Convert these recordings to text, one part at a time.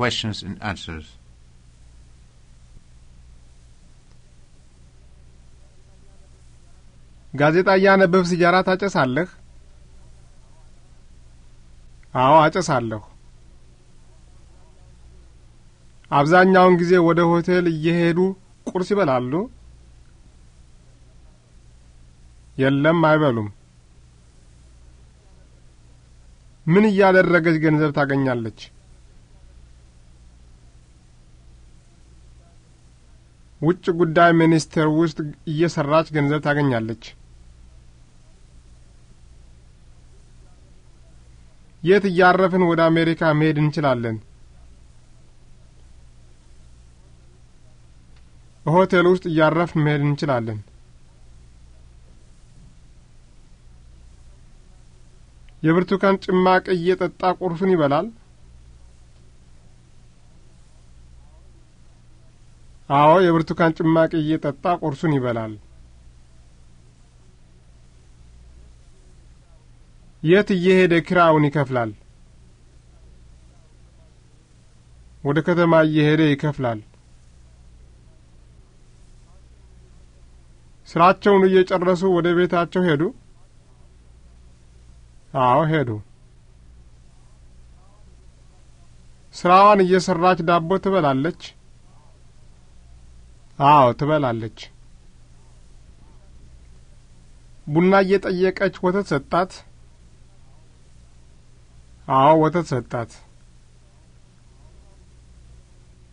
questions and answers. ጋዜጣ እያነበብ ሲጃራ ታጨሳለህ? አዎ አጨሳለሁ። አብዛኛውን ጊዜ ወደ ሆቴል እየሄዱ ቁርስ ይበላሉ? የለም፣ አይበሉም። ምን እያደረገች ገንዘብ ታገኛለች? ውጭ ጉዳይ ሚኒስቴር ውስጥ እየሰራች ገንዘብ ታገኛለች። የት እያረፍን ወደ አሜሪካ መሄድ እንችላለን? በሆቴል ውስጥ እያረፍን መሄድ እንችላለን። የብርቱካን ጭማቂ እየጠጣ ቁርሱን ይበላል። አዎ የብርቱካን ጭማቂ እየጠጣ ቁርሱን ይበላል። የት እየሄደ ኪራውን ይከፍላል? ወደ ከተማ እየሄደ ይከፍላል። ስራቸውን እየጨረሱ ወደ ቤታቸው ሄዱ? አዎ ሄዱ። ስራዋን እየሰራች ዳቦ ትበላለች? አዎ ትበላለች። ቡና እየጠየቀች ወተት ሰጣት። አዎ ወተት ሰጣት።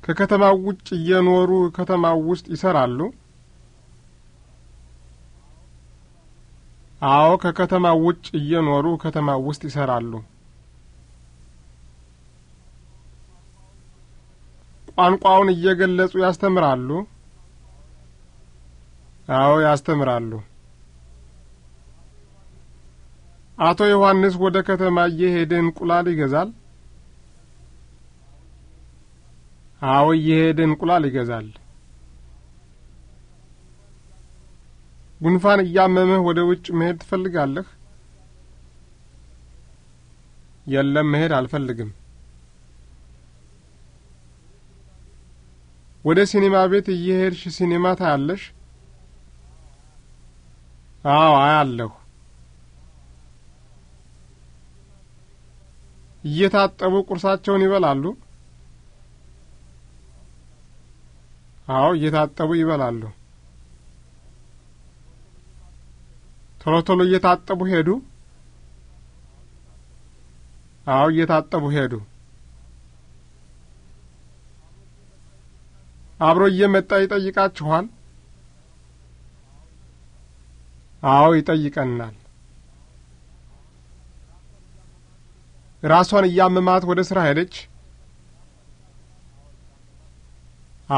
ከከተማው ውጭ እየኖሩ ከተማው ውስጥ ይሰራሉ። አዎ ከከተማው ውጭ እየኖሩ ከተማው ውስጥ ይሰራሉ። ቋንቋውን እየገለጹ ያስተምራሉ። አዎ ያስተምራሉ። አቶ ዮሐንስ ወደ ከተማ እየሄደ እንቁላል ይገዛል? አዎ እየሄደ እንቁላል ይገዛል። ጉንፋን እያመመህ ወደ ውጭ መሄድ ትፈልጋለህ? የለም፣ መሄድ አልፈልግም። ወደ ሲኒማ ቤት እየሄድሽ ሲኒማ ታያለሽ? አዎ አያለሁ። እየታጠቡ ቁርሳቸውን ይበላሉ? አዎ እየታጠቡ ይበላሉ። ቶሎ ቶሎ እየታጠቡ ሄዱ? አዎ እየታጠቡ ሄዱ። አብሮ እየመጣ ይጠይቃችኋል? አዎ ይጠይቀናል። ራሷን እያመማት ወደ ሥራ ሄደች።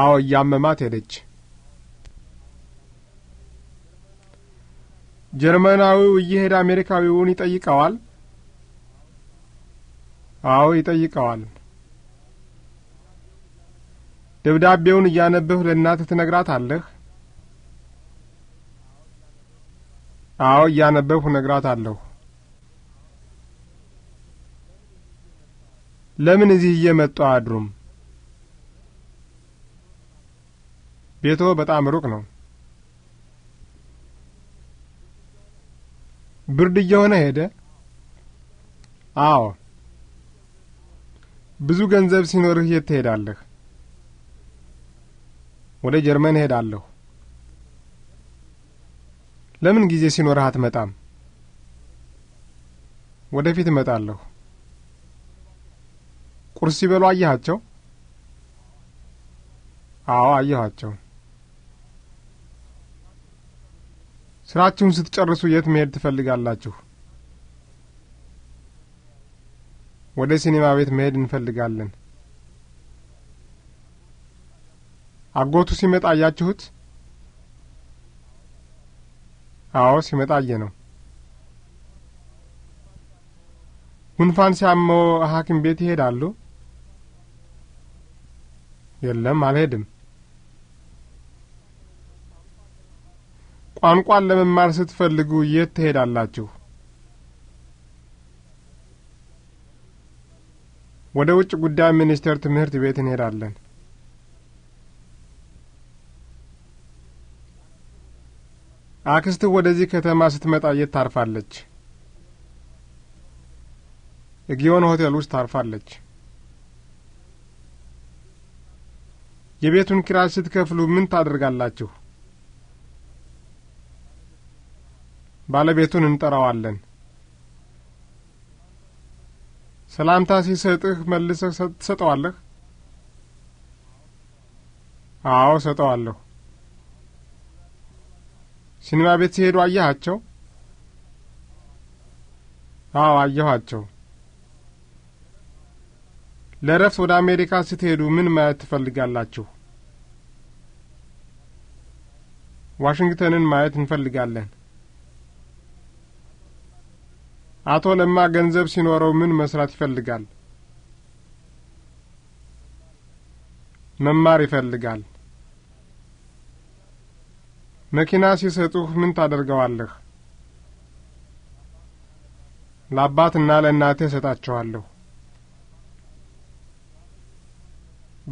አዎ እያመማት ሄደች። ጀርመናዊው እየሄደ አሜሪካዊውን ይጠይቀዋል። አዎ ይጠይቀዋል። ደብዳቤውን እያነበብህ ለእናትህ ትነግራታለህ። አዎ እያነበብሁ አለሁ ለምን እዚህ እየመጡ አያድሩም? ቤቶ በጣም ሩቅ ነው። ብርድ እየሆነ ሄደ? አዎ። ብዙ ገንዘብ ሲኖርህ የት ትሄዳለህ? ወደ ጀርመን እሄዳለሁ። ለምን ጊዜ ሲኖርህ አትመጣም? ወደፊት እመጣለሁ። ቁርስ ሲበሉ አየኋቸው? አዎ አየኋቸው። ስራችሁን ስትጨርሱ የት መሄድ ትፈልጋላችሁ? ወደ ሲኔማ ቤት መሄድ እንፈልጋለን። አጎቱ ሲመጣ አያችሁት? አዎ፣ ሲመጣ አየ ነው። ጉንፋን ሲያመው ሐኪም ቤት ይሄዳሉ? የለም፣ አልሄድም። ቋንቋን ለመማር ስትፈልጉ የት ትሄዳላችሁ? ወደ ውጭ ጉዳይ ሚኒስቴር ትምህርት ቤት እንሄዳለን። አክስትህ ወደዚህ ከተማ ስትመጣ የት ታርፋለች? ጊዮን ሆቴል ውስጥ ታርፋለች። የቤቱን ኪራይ ስትከፍሉ ምን ታደርጋላችሁ? ባለቤቱን እንጠራዋለን። ሰላምታ ሲሰጥህ መልሰህ ትሰጠዋለህ? አዎ ሰጠዋለሁ። ሲኒማ ቤት ሲሄዱ አየሃቸው? አዎ አየኋቸው። ለእረፍት ወደ አሜሪካ ስትሄዱ ምን ማየት ትፈልጋላችሁ? ዋሽንግተንን ማየት እንፈልጋለን። አቶ ለማ ገንዘብ ሲኖረው ምን መስራት ይፈልጋል? መማር ይፈልጋል። መኪና ሲሰጡህ ምን ታደርገዋለህ? ለአባትና ለእናቴ እሰጣቸዋለሁ።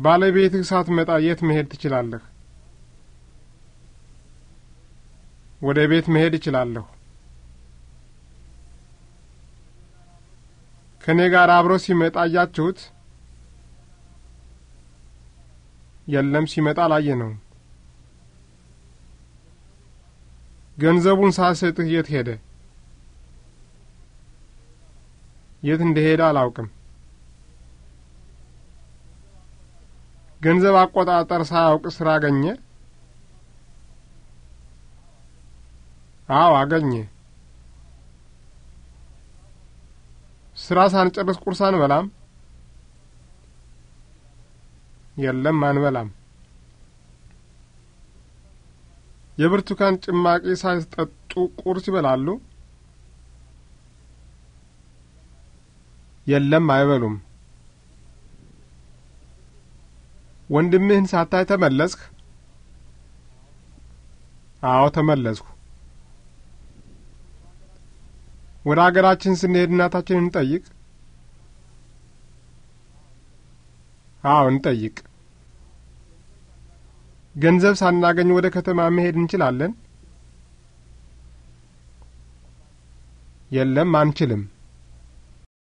ባለቤትህ ሳትመጣ የት መሄድ ትችላለህ? ወደ ቤት መሄድ እችላለሁ። ከእኔ ጋር አብሮ ሲመጣ አያችሁት? የለም፣ ሲመጣ አላየ ነው። ገንዘቡን ሳሰጥህ የት ሄደ? የት እንደሄደ አላውቅም። ገንዘብ አቆጣጠር ሳያውቅ ስራ አገኘ? አዎ አገኘ። ስራ ሳንጨርስ ቁርስ አንበላም? የለም አንበላም። የብርቱካን ጭማቂ ሳይጠጡ ቁርስ ይበላሉ? የለም፣ አይበሉም። ወንድምህን ሳታይ ተመለስክ? አዎ፣ ተመለስኩ። ወደ አገራችን ስንሄድ እናታችንን እንጠይቅ? አዎ፣ እንጠይቅ። ገንዘብ ሳናገኝ ወደ ከተማ መሄድ እንችላለን? የለም አንችልም።